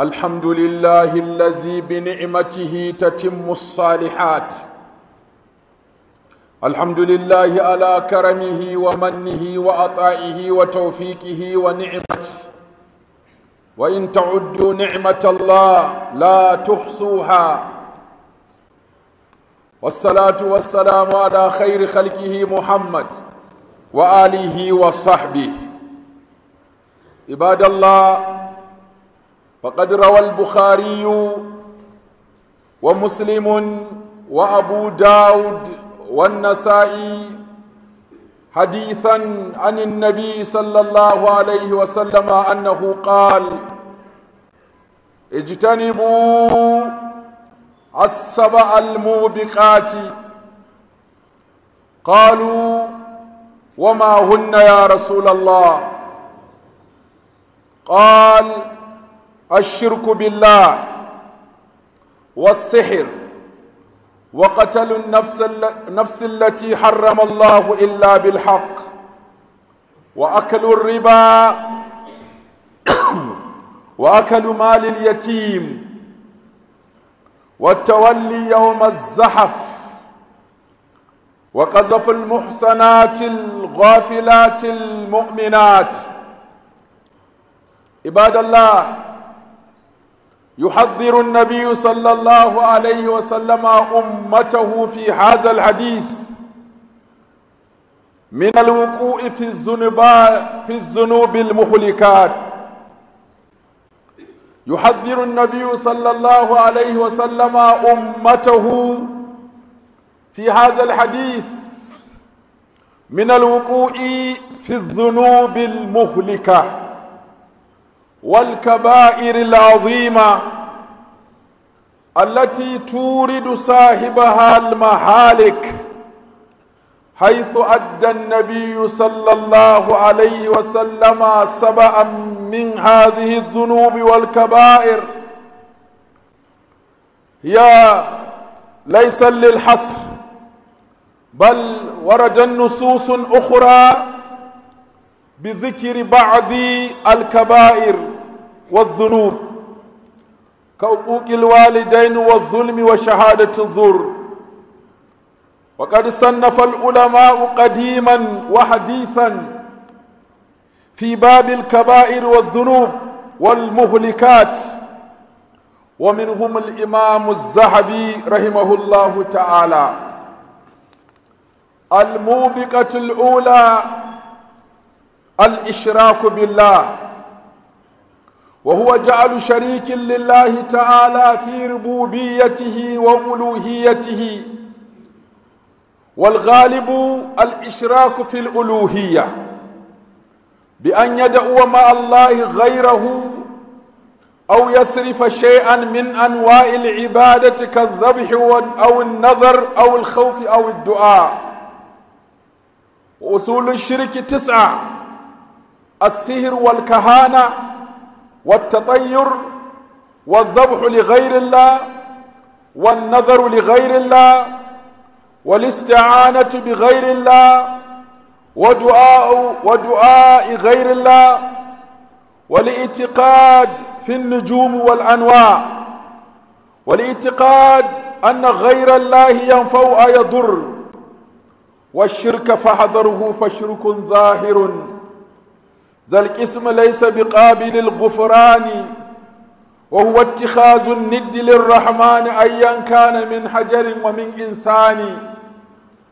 الحمد لله الذي بنعمته تتم الصالحات الحمد لله على كرمه ومنه وعطائه وتوفيقه ونعمته وإن تعدوا نعمة الله لا تحصوها والصلاة والسلام على خير خلقه محمد وآله وصحبه عباد الله فقد روى البخاري ومسلم وأبو داود والنسائي حديثا عن النبي صلى الله عليه وسلم أنه قال اجتنبوا السبع الموبقات قالوا وما هن يا رسول الله قال الشرك بالله والسحر وقتل النفس النفس التي حرم الله إلا بالحق وأكل الربا وأكل مال اليتيم والتولي يوم الزحف وقذف المحسنات الغافلات المؤمنات عباد الله يحذر النبي صلى الله عليه وسلم امته في هذا الحديث من الوقوع في الذنوب في الذنوب المهلكات يحذر النبي صلى الله عليه وسلم امته في هذا الحديث من الوقوع في الذنوب المهلكات والكبائر العظيمة التي تورد صاحبها المهالك حيث أدى النبي صلى الله عليه وسلم سبعا من هذه الذنوب والكبائر هي ليس للحصر بل ورد نصوص أخرى بذكر بعض الكبائر والذنوب كعقوق الوالدين والظلم وشهادة الزور وقد صنف العلماء قديما وحديثا في باب الكبائر والذنوب والمهلكات ومنهم الإمام الذهبي رحمه الله تعالى الموبقة الأولى الإشراك بالله وهو جعل شريك لله تعالى في ربوبيته وألوهيته والغالب الإشراك في الألوهية بأن يدعو مع الله غيره أو يصرف شيئا من أنواع العبادة كالذبح أو النظر أو الخوف أو الدعاء وأصول الشرك تسعة السهر والكهانة والتطير والذبح لغير الله والنظر لغير الله والاستعانة بغير الله ودعاء ودعاء غير الله والاعتقاد في النجوم والأنواع والاعتقاد أن غير الله ينفع أو يضر والشرك فحذره فشرك ظاهر ذا القسم ليس بقابل الغفران وهو اتخاذ الند للرحمن أيا كان من حجر ومن إنسان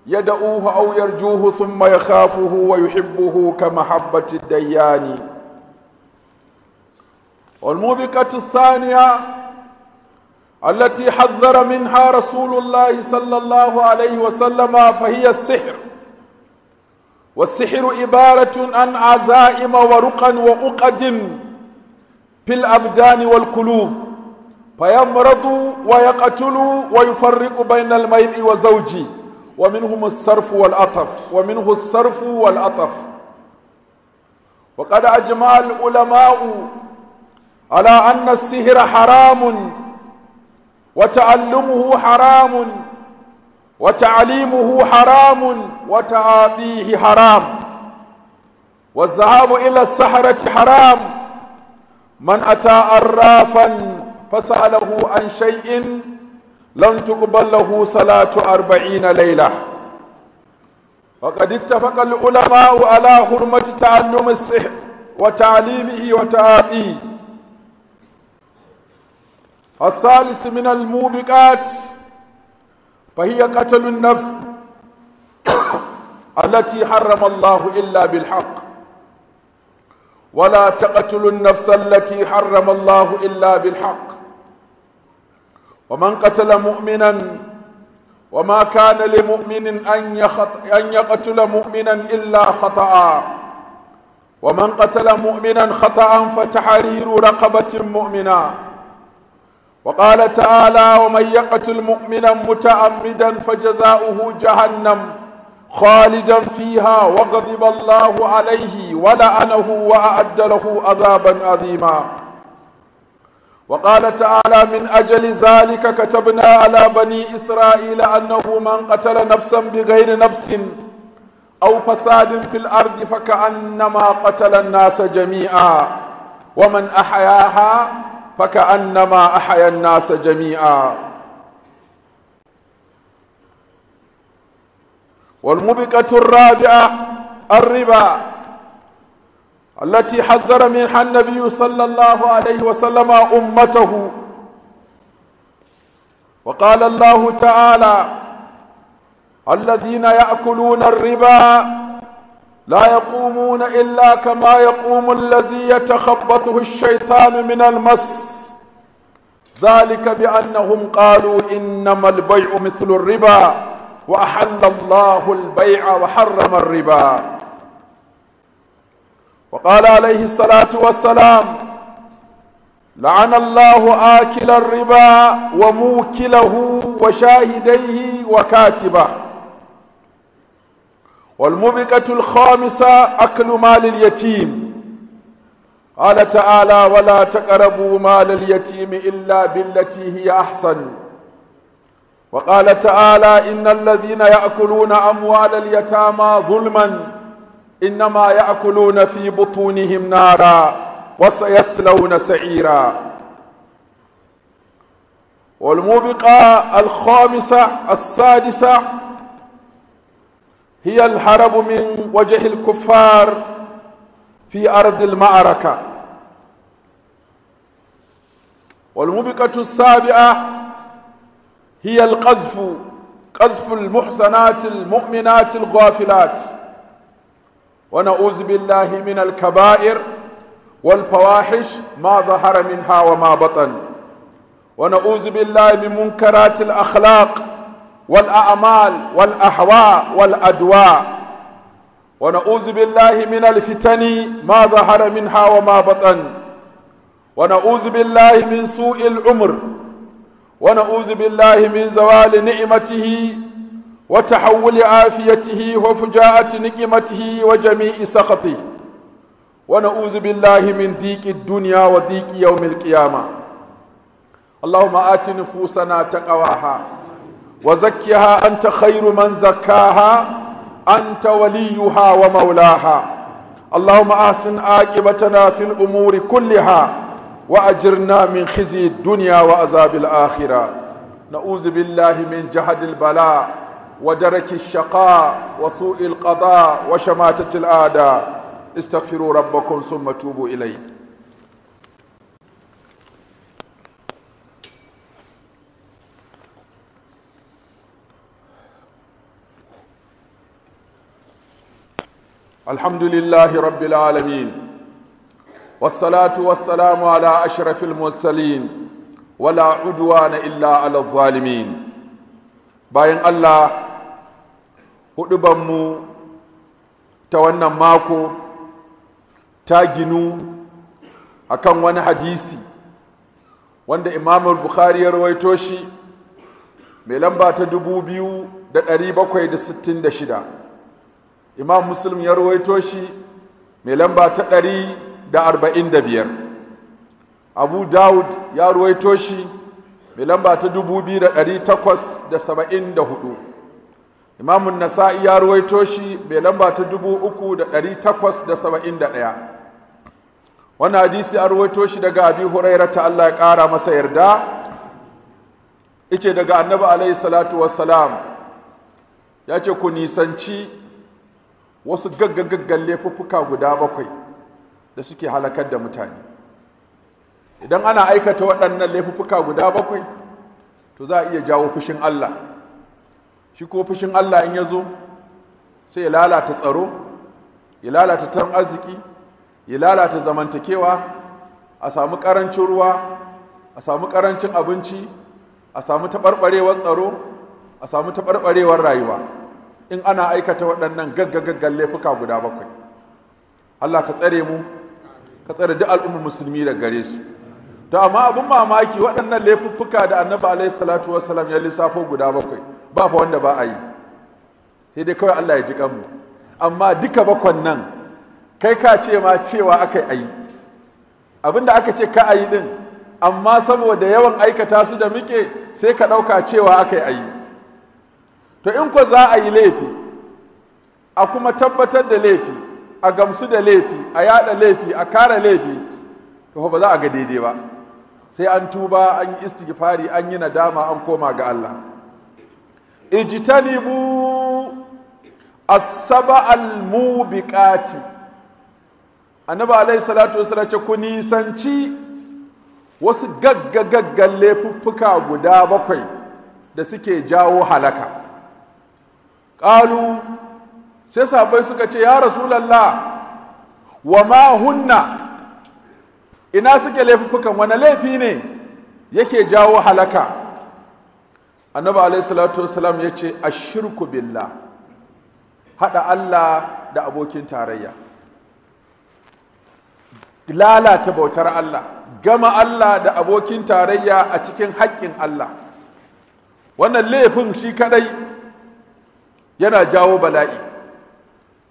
يدعوه أو يرجوه ثم يخافه ويحبه كمحبة الديان والموبقة الثانية التي حذر منها رسول الله صلى الله عليه وسلم فهي السحر والسحر عبارة عن عزائم ورقا وأقد في الأبدان والقلوب فيمرض ويقتل ويفرق بين المرء وزوجي ومنهم الصرف والأطف ومنه الصرف والأطف وقد أجمع العلماء على أن السحر حرام وتعلمه حرام وتعليمه حرام وتعاطيه حرام والذهاب إلى السحرة حرام من أتى عرافا فسأله عن شيء لم تقبل له صلاة أربعين ليلة وقد اتفق العلماء على حرمة تعلم السحر وتعليمه وتعاطيه الثالث من الموبقات فهي قتل النفس التي حرم الله إلا بالحق ولا تقتلوا النفس التي حرم الله إلا بالحق ومن قتل مؤمنا وما كان لمؤمن أن, يخط أن يقتل مؤمنا إلا خطأ ومن قتل مؤمنا خطأ فتحرير رقبة مؤمنا وقال تعالى ومن يقتل مؤمنا متعمدا فجزاؤه جهنم خالدا فيها وغضب الله عليه ولعنه واعد له عذابا عظيما وقال تعالى من اجل ذلك كتبنا على بني اسرائيل انه من قتل نفسا بغير نفس او فساد في الارض فكانما قتل الناس جميعا ومن احياها فكأنما أحيا الناس جميعا والمبكة الرابعة الربا التي حذر منها النبي صلى الله عليه وسلم أمته وقال الله تعالى الذين يأكلون الربا لا يقومون إلا كما يقوم الذي يتخبطه الشيطان من المس ذلك بأنهم قالوا إنما البيع مثل الربا وأحل الله البيع وحرم الربا وقال عليه الصلاة والسلام لعن الله آكل الربا وموكله وشاهديه وكاتبه والمبكة الخامسة أكل مال اليتيم قال تعالى ولا تقربوا مال اليتيم إلا بالتي هي أحسن وقال تعالى إن الذين يأكلون أموال اليتامى ظلما إنما يأكلون في بطونهم نارا وسيصلون سعيرا والموبقة الخامسة السادسة هي الهرب من وجه الكفار في أرض المعركة والموبقة السابعة هي القذف قذف المحسنات المؤمنات الغافلات ونعوذ بالله من الكبائر والفواحش ما ظهر منها وما بطن ونعوذ بالله من منكرات الأخلاق والأعمال والأهواء والأدواء ونعوذ بالله من الفتن ما ظهر منها وما بطن ونعوذ بالله من سوء العمر ونعوذ بالله من زوال نعمته وتحول عافيته وفجاءة نقمته وجميع سخطه ونعوذ بالله من ضيق الدنيا وضيق يوم القيامة اللهم آت نفوسنا تقواها وزكها أنت خير من زكاها أنت وليها ومولاها اللهم أحسن عاقبتنا في الأمور كلها وأجرنا من خزي الدنيا وعذاب الآخرة نعوذ بالله من جهد البلاء ودرك الشقاء وسوء القضاء وشماتة الأعداء استغفروا ربكم ثم توبوا إليه الحمد لله رب العالمين والصلاة والسلام على أشرف المرسلين ولا عدوان إلا على الظالمين باين الله hudubanmu ta wannan mako ta ginu akan wani hadisi wanda imamar bukhari ya rawaito shi mai lamba ta dubu biyu da da da bakwai sittin shida. imam muslim ya ruwaito shi mai lamba ta ɗari da arba'in da biyar abu dawud ya ruwaito shi mai lamba ta dubu biyu da ɗari takwas da saba'in da hudu imam nasa'i ya ruwaito shi mai lamba ta dubu uku da ɗari takwas da saba'in da ɗaya wani hadisi a ruwaito shi daga abi huraira ta allah ya ƙara masa yarda ice daga annabi alaihi salatu wassalam ya ce ku nisanci wasu gaggagaggan laifuffuka guda bakwai da suke halakar da mutane idan ana aikata waɗannan laifuffuka guda bakwai to za a iya jawo fushin allah shi ko fushin allah in ya zo sai ya lalata tsaro ya lalata tan arziki ya lalata zamantakewa a samu ƙarancin ruwa a samu ƙarancin abinci a samu taɓarɓarewar tsaro a samu taɓarɓarewar rayuwa in ana aikata waɗannan gaggagaggan laifuka guda bakwai allah ka tsare mu ka tsare duk al'ummar musulmi da gare su to amma abin mamaki waɗannan laifuffuka da annabi alaihi salatu wasalam ya lissafo guda bakwai ba fa wanda ba a yi sai dai kawai allah ya ji kanmu amma duka bakwan nan kai ka ce ma cewa aka yi abin da aka ce ka a yi din amma saboda yawan aikata su da muke sai ka ɗauka cewa aka yi to in ko za a yi laifi a kuma tabbatar da laifi a gamsu da laifi a yada laifi a kara laifi to ba za a ga daidai ba sai an tuba an yi istighfari an yi nadama an koma ga Allah ijtanibu as-saba al-mubiqati annabi alayhi salatu wasallam ce ku nisanci wasu gagga gaggan laifuffuka guda bakwai da suke jawo halaka ƙalu sai sabai suka ce ya rasulallah wa ma hunna ina suke laifukan wani laifi ne yake jawo halaka annabi alaihi salatu wasalam ya ce ashirku billah haɗa allah da abokin tarayya lalata bautar allah gama allah da abokin tarayya a cikin haƙƙin allah wannan laifin shi kadai yana jawo bala'i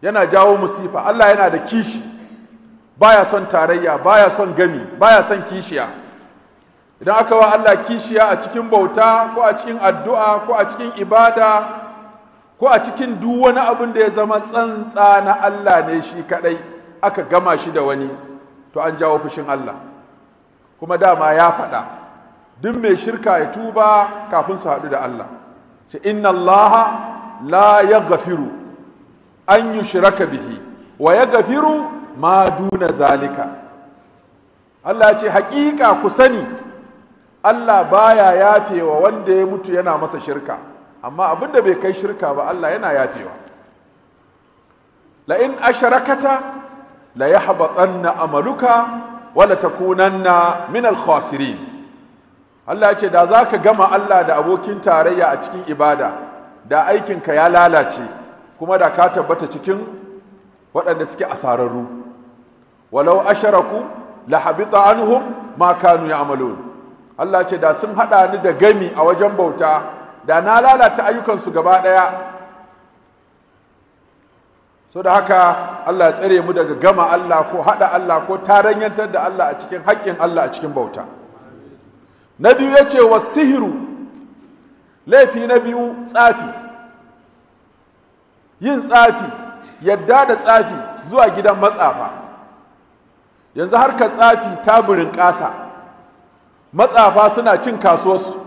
yana jawo musifa Allah yana da kishi baya son tarayya baya son gami baya son kishiya idan aka wa Allah kishiya a cikin bauta ko a cikin addu'a ko a cikin ibada ko a cikin duk wani abin da ya zama tsantsa na Allah ne shi kadai aka gama shi da wani to an jawo fushin Allah kuma dama ya faɗa duk mai shirka ya tuba kafin su haɗu da Allah inna Allaha la ya gafiru an yi shiraka bihi wa ya gafiru ma duna zalika Allah ce hakika ku sani Allah baya yafewa wanda ya mutu yana masa shirka amma abinda bai kai shirka ba Allah yana yafewa la in asharakata la yahbatanna amaluka wala kunan na minal khasirin Allah ce da ka gama Allah da abokin tarayya a cikin ibada da aikinka ya lalace kuma da ka tabbata cikin waɗanda suke a asararru walau asharaku la habita anhum ma kanu ya'malun Allah ce da sun haɗa ni da gami a wajen bauta da na lalata ayyukansu gaba ɗaya so da haka Allah ya tsare mu daga gama Allah ko hada Allah ko taranyantar da Allah a cikin haƙƙin Allah a cikin bauta na biyu ya ce wa sihiru laifi na biyu tsafi yin tsafi yadda da tsafi zuwa gidan matsafa yanzu ka tsafi taburin ƙasa matsafa suna cin kasuwarsu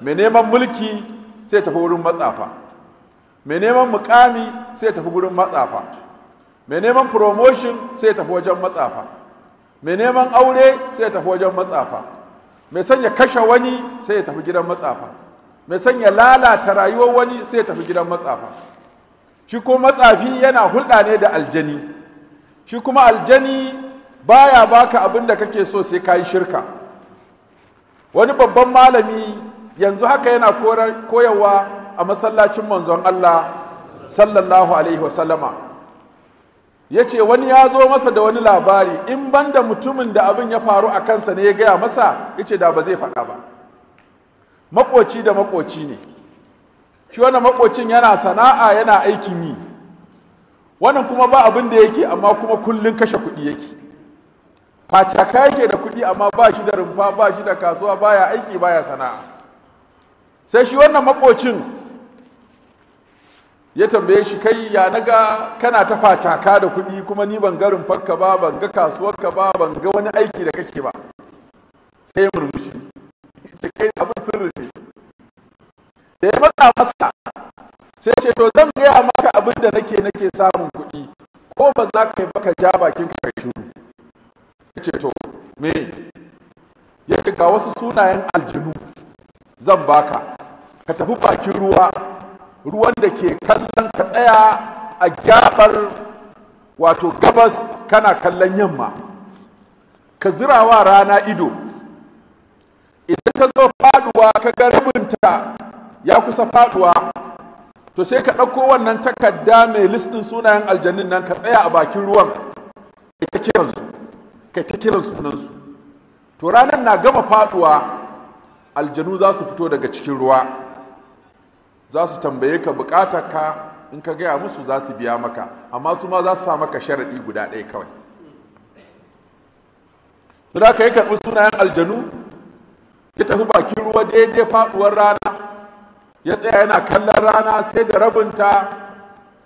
mai neman mulki sai tafi wurin matsafa mai neman mukami sai tafi wurin matsafa mai neman promotion sai tafi wajen matsafa mai neman aure sai tafi wajen matsafa mai sanya kashe wani sai ya tafi gidan matsafa mai sanya lalata rayuwar wani sai tafi gidan matsafa shi ko matsafi yana hulɗa ne da aljani shi kuma aljani baya baka abin da kake so sai ka yi shirka wani babban malami yanzu haka yana koyarwa a masallacin manzon Allah sallallahu alaihi wasallama ya ce wani ya zo masa da wani labari in ban da mutumin da abin ya faru a kansa ne ya gaya masa ya ce da ba zai faɗa ba makoci da makoci ne shi wannan makocin yana sana'a yana aikin yi wannan kuma ba abin da yake amma kuma kullun kashe kuɗi yake facaka yake da kuɗi amma ba shi da rumfa ba shi da kasuwa baya aiki baya sana'a sai shi wannan makocin ya tambaye shi kai ya naga kana ta facaka da kuɗi kuma ni ban ga rumfarka ba ban ga kasuwarka ba ban ga wani aiki da kake ba sai murmushi ce kai abin sirri da ya matsa masa sai ce to zan gaya maka abin da nake nake samun kuɗi ko ba za ka yi baka ja bakin ka shuru ya ce to me ya ce ga wasu sunayen aljinu zan baka ka tafi bakin ruwa ruwan da ke kallon ka tsaya a gyabar wato gabas kana kallon yamma ka zirawa rana ido idan ta zo faduwa ka ga rabinta ya kusa faduwa to sai ka ɗauko wannan takarda mai listin sunayen aljannin nan ka tsaya a bakin ruwan kai ta kiransu kai ta kiran sunansu to ranar na gama faduwa aljanu za su fito daga cikin ruwa za su tambaye ka bukatar ka in ka gaya musu za su biya maka amma su ma za su sa maka sharaɗi guda ɗaya kawai. Suna ka yi karɓi sunayen aljanu ya tafi bakin ruwa daidai faduwar rana ya tsaya yana kallon rana sai da rabinta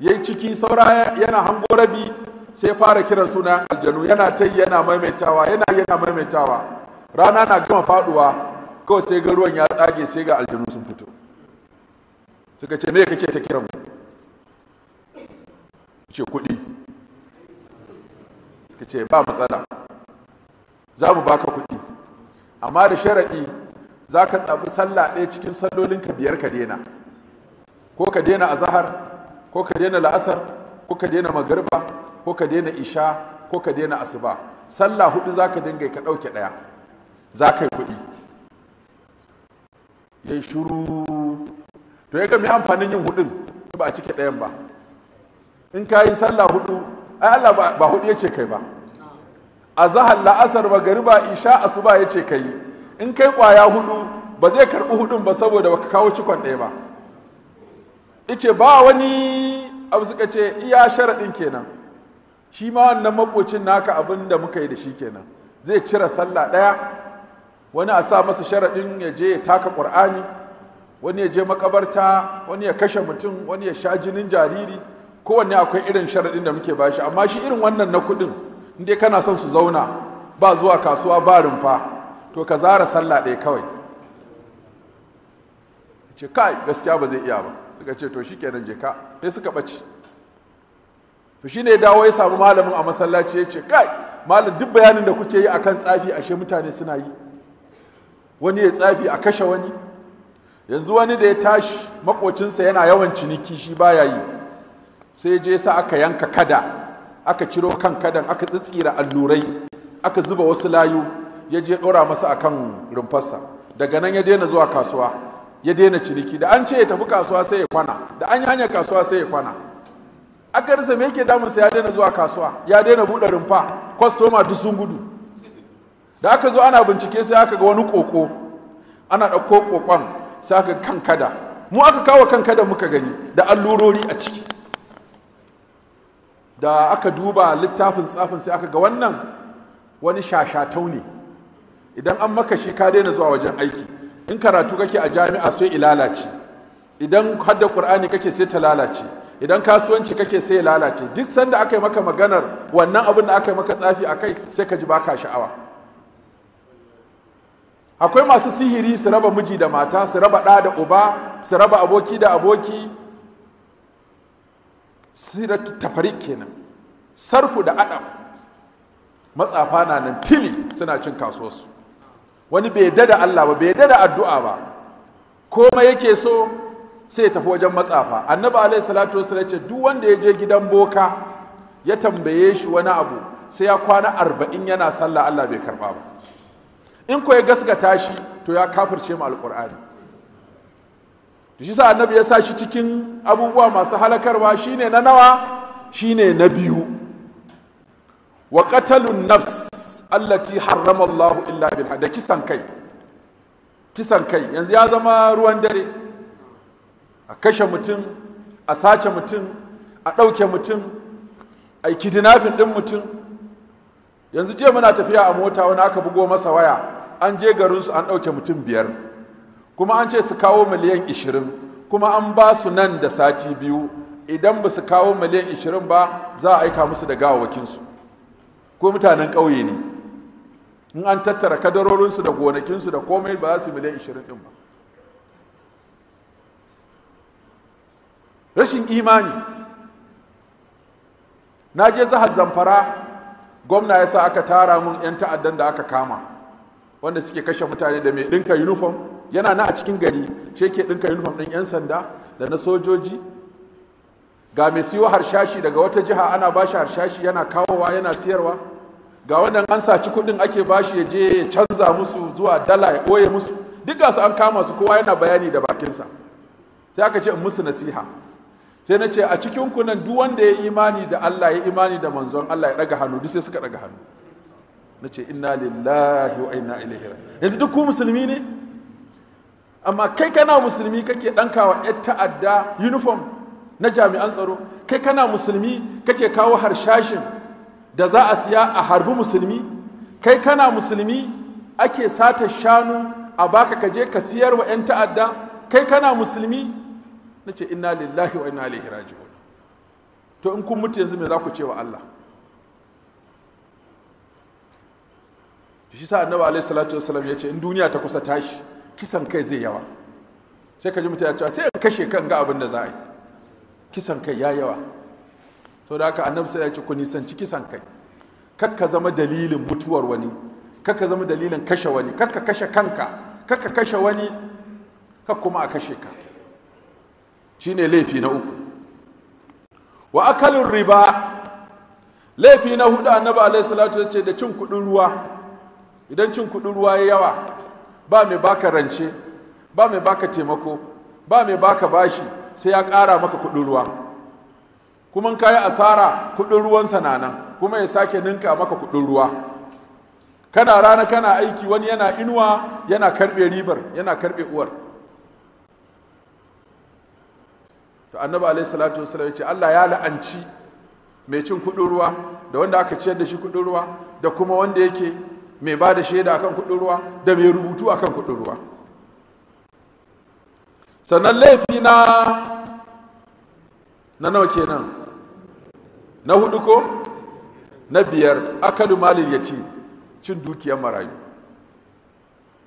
ya yi ciki saura yana hango rabi sai fara kiran suna aljanu yana ta yana maimaitawa yana yana maimaitawa rana na gama faduwa kawai sai ga ruwan ya tsage sai ga aljanu sun fito suka ce me kake ta kiran ce kuɗi suka ce ba matsala za mu baka kuɗi amma da sharaɗi za ka tsabi sallah ɗaya cikin sallolin ka biyar ka daina ko ka daina azahar ko ka daina la'asar ko ka daina magarba ko ka daina isha ko ka daina asuba sallah hudu za ka dinga ka ɗauke ɗaya za ka yi kuɗi ya yi shuru to ya gami amfanin yin hudun ba a cike ɗayan ba in ka yi sallah hudu ai allah ba hudu ya ce kai ba a zahar la'asar magariba isha asuba ya ce kai in kai kwaya hudu ba zai karbi hudun ba saboda ka kawo cikon ɗaya ba ice ba wani abu suka ce iya sharaɗin kenan shi ma wannan makocin naka abin da muka yi da shi kenan zai cire sallah ɗaya wani a sa masa sharaɗin ya je ya taka ƙur'ani wani ya je makabarta wani ya kashe mutum wani ya sha jinin jariri kowanne akwai irin sharaɗin da muke bashi amma shi irin wannan na kuɗin in dai kana son su zauna ba zuwa kasuwa ba rumfa to ka zara sallah ɗaya kawai ce kai gaskiya ba zai iya ba suka ce to shikenan je ka sai suka ɓace to shine dawo ya samu malamin a masallaci ya ce kai malam duk bayanin da kuke yi akan tsafi ashe mutane suna yi wani ya tsafi a kashe wani yanzu wani da ya tashi makocinsa yana yawan ciniki shi baya yi sai je sa aka yanka kada aka ciro kan kadan aka tsitsira allurai aka zuba wasu layu ya je ɗora masa a kan rumfarsa daga nan ya daina zuwa kasuwa ya daina ciniki da an ce ya tafi kasuwa sai ya kwana da an yi hanyar kasuwa sai ya kwana aka rasa me yake damunsa ya daina zuwa kasuwa ya daina buɗe rumfa kwastoma duk sun gudu da aka zo ana bincike sai aka ga wani koko ana ɗauko kokon sai aka kan kada mu aka kawo kan kada muka gani da allurori a ciki da aka duba littafin tsafin sai aka ga wannan wani shashatau ne idan an maka shi ka daina zuwa wajen aiki in karatu kake a jami'a sai ilalace idan hadda qur'ani kake sai ta lalace idan kasuwanci kake sai ya lalace duk sanda aka yi maka maganar wannan abin da aka yi maka tsafi a kai sai ka ji baka sha'awa akwai masu sihiri su raba miji da mata su raba ɗa da uba su raba aboki da aboki siratu tafarik kenan sarfu da adam matsafa na nan tili suna cin kasuwarsu wani bai dada Allah ba bai dada addu'a ba komai yake so sai ya tafi wajen matsafa annabi alaihi salatu wasallam ce duk wanda ya je gidan boka ya tambaye shi wani abu sai ya kwana arba'in yana sallah Allah bai karba ba in ko ya gaskata shi to ya kafirce mu alqur'ani shi sa annabi ya sa shi cikin abubuwa masu halakarwa shine na nawa shine na biyu wa qatalun nafs allati harrama Allah illa bil da kisan kai kisan kai yanzu ya zama ruwan dare a kashe mutum a sace mutum a ɗauke mutum a yi kidnapping ɗin mutum yanzu jiya muna tafiya a mota wani aka bugo masa waya an je garinsu an ɗauke mutum biyar kuma an ce su kawo miliyan ishirin kuma an ba su nan da sati biyu idan ba su kawo miliyan ishirin ba za a aika musu da gawawakinsu ko mutanen ƙauye ne in an tattara kadarorinsu da gonakinsu da komai ba za su miliyan 20 din ba rashin imani na je zahar zamfara gwamna ya sa aka tara mun 'yan ta'addan da aka kama wanda suke kashe mutane da mai ɗinka uniform yana na a cikin gari shi ke ɗinka uniform ɗin 'yan sanda da na sojoji ga mai siyo harshashi daga wata jiha ana ba shi harshashi yana kawowa yana siyarwa ga wannan an saci kuɗin ake bashi ya je ya canza musu zuwa dala ya ɓoye musu duk su an kama su kowa yana bayani da bakinsa sai aka ce in musu nasiha sai na ce a cikin kunan duk wanda ya imani da Allah ya imani da manzon Allah ya daga hannu duk sai suka daga hannu na ce inna lillahi wa inna ilaihi yanzu duk ku musulmi ne amma kai kana musulmi kake ɗankawa yan ta'adda uniform na jami'an tsaro kai kana musulmi kake kawo harshashin da za a siya a harbi musulmi kai kana musulmi ake sata shanu a baka ka je ka siyar wa 'yan ta'adda kai kana musulmi na ce inna lillahi wa inna ilaihi raji'un to in kun mutu yanzu me za ku ce wa Allah shi sa annabi alaihi salatu wasallam ya ce in duniya ta kusa tashi kisan kai zai yawa sai ka ji mutane cewa sai in kashe kan ga abin da za a yi kisan kai ya yawa to da aka annabi ya ce ku nisanci kisan kai kakka zama dalilin mutuwar wani kakka zama dalilin kashe wani kakka kashe kanka kakka kashe wani ka kuma a kashe ka shine laifi na uku wa akalin riba laifi na hudu annabi alaihi salatu ya ce da cin kudin ruwa idan cin kudin ruwa ya yawa ba mai baka rance ba mai baka taimako ba mai baka bashi sai ya kara maka kudin ruwa kuma ka yi asara kuɗin ruwansa na kuma ya sake ninka maka kuɗin ruwa kana rana kana aiki wani yana inuwa yana karɓe ribar yana karbe uwar to annabi alaihi salatu wasallam ya ce Allah ya la'anci mai cin kuɗin ruwa da wanda aka ciyar da shi kuɗin ruwa da kuma wanda yake mai ba da shaida akan kuɗin ruwa da mai rubutu akan kuɗin ruwa sannan laifi na na nawa kenan na hudu ko na biyar akalu ya yatim cin dukiyar marayu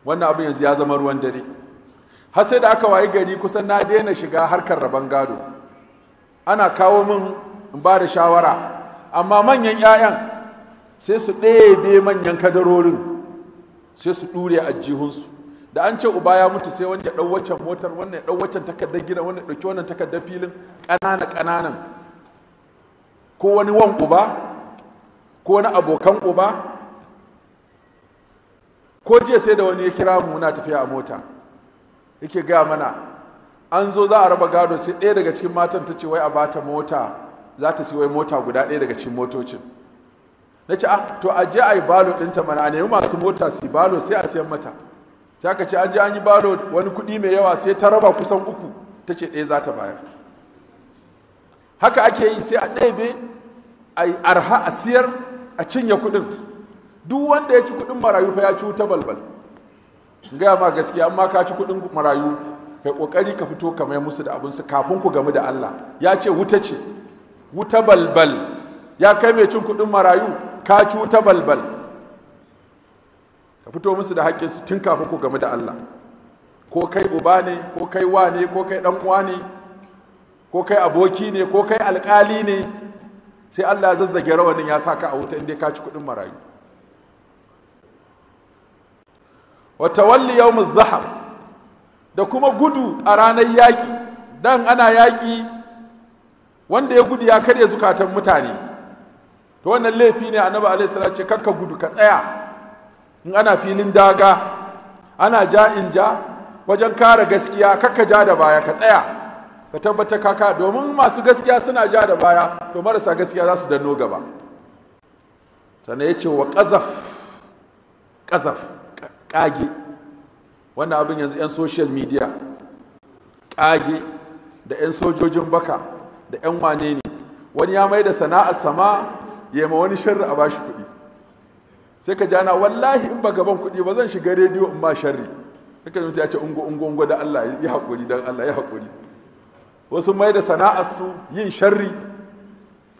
wannan abin yanzu ya zama ruwan dare har sai da aka wayi gari kusan na daina shiga harkar rabon gado ana kawo min in ba da shawara amma manyan 'ya'yan sai su ɗebe manyan kadarorin sai su ɗure a jihunsu da an ce uba ya mutu sai wanda ya ɗau motar wannan ya ɗau takardar gina wannan ya ɗauki wannan takardar filin ƙanana ƙananan ko wani wan uba ko wani abokan uba ko jiya sai da wani ya kira mu muna tafiya a mota yake gaya mana an zo za a raba gado sai ɗaya daga cikin matan ta ce wai a bata mota za ta siwai mota guda ɗaya daga cikin motocin na ce ah to a je a yi balo ɗinta mana a nemi masu mota su balo sai a siyan mata sai aka ce an je an yi balo wani kuɗi mai yawa sai ta raba kusan uku ta ce ɗaya eh, za ta bayar haka ake yi sai a ɗebe a yi arha a siyar a cinye kuɗin duk wanda ya ci kuɗin marayu fa ya ci wuta balbal gaya ma gaskiya amma ka ci kuɗin marayu kai kokari ka fito ka mai musu da abinsu kafin ku gamu da Allah ya ce wuta ce wuta balbal ya kai mai cin kuɗin marayu ka ci wuta balbal ka fito musu da haƙƙinsu tun kafin ku gamu da Allah ko kai uba ne ko kai wa ne ko kai ɗan uwa ne ko kai aboki ne ko kai alkali ne sai Allah ya zazzage rawanin ya saka a wuta inda ka ci kuɗin marayu wa tawalli yawmuz zahar, da kuma gudu a ranar yaƙi dan ana yaƙi wanda ya gudu ya karya zukatan mutane to wannan laifi ne annabi alaihi salatu ce kakka gudu ka tsaya in ana filin daga ana ja in ja wajen kare gaskiya kakka ja da baya ka tsaya ka tabbata kaka domin masu gaskiya suna ja da baya to marasa gaskiya za su danno gaba sannan ya ce wa ƙazaf ƙazaf ƙage wannan abin yanzu 'yan social media ƙage da 'yan sojojin baka da 'yan wane ne wani ya mai da sana'ar sama ya ma wani sharri a bashi kuɗi sai ka jana wallahi in ba gaban kuɗi ba zan shiga rediyo in ba sharri sai ka ya ce ungo ungo ungo da Allah ya haƙuri don Allah ya haƙuri wasu mai da sana'ar su yin sharri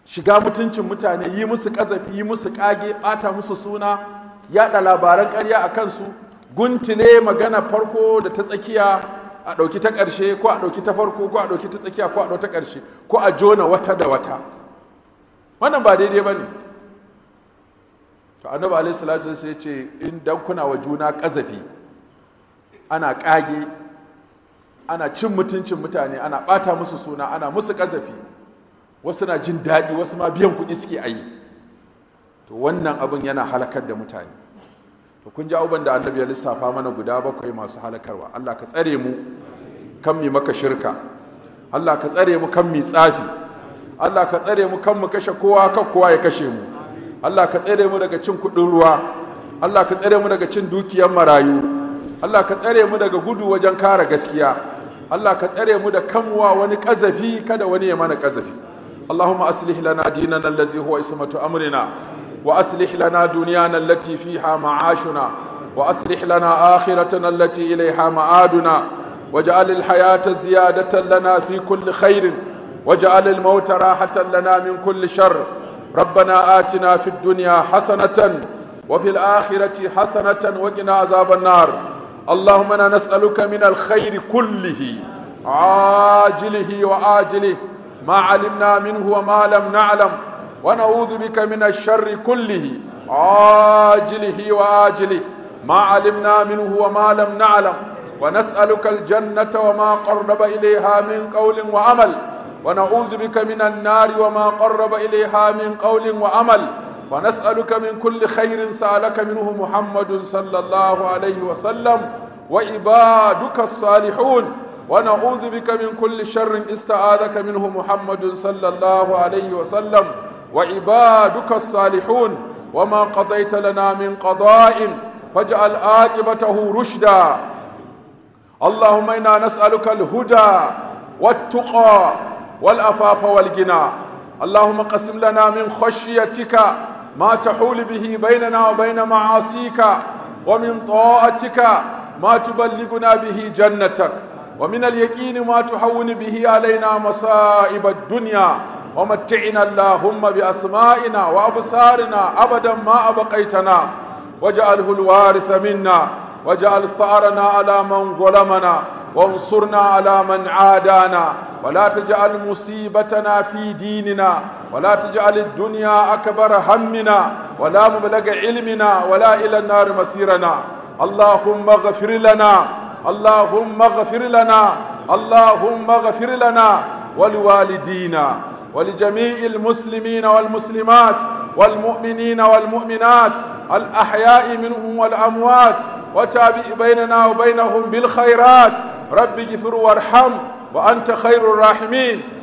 shiga mutuncin mutane yi musu kazafi yi musu kage bata musu suna yada labaran karya a kansu guntile magana farko da ta tsakiya a ɗauki ta ƙarshe ko a ɗauki ta farko ko a ɗauki ta tsakiya ko a ɗauki ta ƙarshe ko a jona wata da wata wannan ba daidai ba ne to annabi alaihi salatu sai ce in dan kuna wa juna kazafi ana kage ana cin mutuncin mutane ana ɓata musu suna ana musu kazafi wasu na jin daɗi wasu ma biyan kuɗi suke a yi to wannan abin yana halakar da mutane to kun ji abin da annabi ya lissafa mana guda bakwai masu halakarwa allah ka tsare mu kan mi maka shirka allah ka tsare mu kan mi tsafi allah ka tsare mu kan mu kashe kowa kan kowa ya kashe mu allah ka tsare mu daga cin kuɗin ruwa allah ka tsare mu daga cin dukiyar marayu allah ka tsare mu daga gudu wajen kare gaskiya Allah ka tsare mu da kanwa wani ƙazafi, kada wani ya mana kazafi Allahumma aslih lana dinana allazi huwa ismatu amrina wa aslih lana dunyana allati fiha ma'ashuna wa aslih lana akhiratana allati ilayha ma'aduna waj'al al-hayata ziyadatan lana fi kulli khairin waj'al al rahatan lana min kulli shar ربنا آتنا في الدنيا Hassanatan. وفي الآخرة حسنة وقنا عذاب النار اللهم انا نسالك من الخير كله عاجله واجله ما علمنا منه وما لم نعلم ونعوذ بك من الشر كله عاجله واجله ما علمنا منه وما لم نعلم ونسألك الجنة وما قرب إليها من قول وعمل ونعوذ بك من النار وما قرب إليها من قول وعمل ونسألك من كل خير سألك منه محمد صلى الله عليه وسلم وعبادك الصالحون ونعوذ بك من كل شر استعاذك منه محمد صلى الله عليه وسلم وعبادك الصالحون وما قضيت لنا من قضاء فاجعل عاقبته رشدا اللهم انا نسالك الهدى والتقى والافاف والغنى اللهم قسم لنا من خشيتك ما تحول به بيننا وبين معاصيك ومن طاعتك ما تبلغنا به جنتك ومن اليقين ما تهون به علينا مصائب الدنيا ومتعنا اللهم بأسمائنا وأبصارنا أبدا ما أبقيتنا واجعله الوارث منا واجعل ثأرنا على من ظلمنا وانصرنا على من عادانا ولا تجعل مصيبتنا في ديننا ولا تجعل الدنيا أكبر همنا ولا مبلغ علمنا ولا إلى النار مسيرنا اللهم اغفر لنا اللهم اغفر لنا اللهم اغفر لنا ولوالدينا ولجميع المسلمين والمسلمات والمؤمنين والمؤمنات الأحياء منهم والأموات وتابع بيننا وبينهم بالخيرات رب اغفر وارحم وأنت خير الراحمين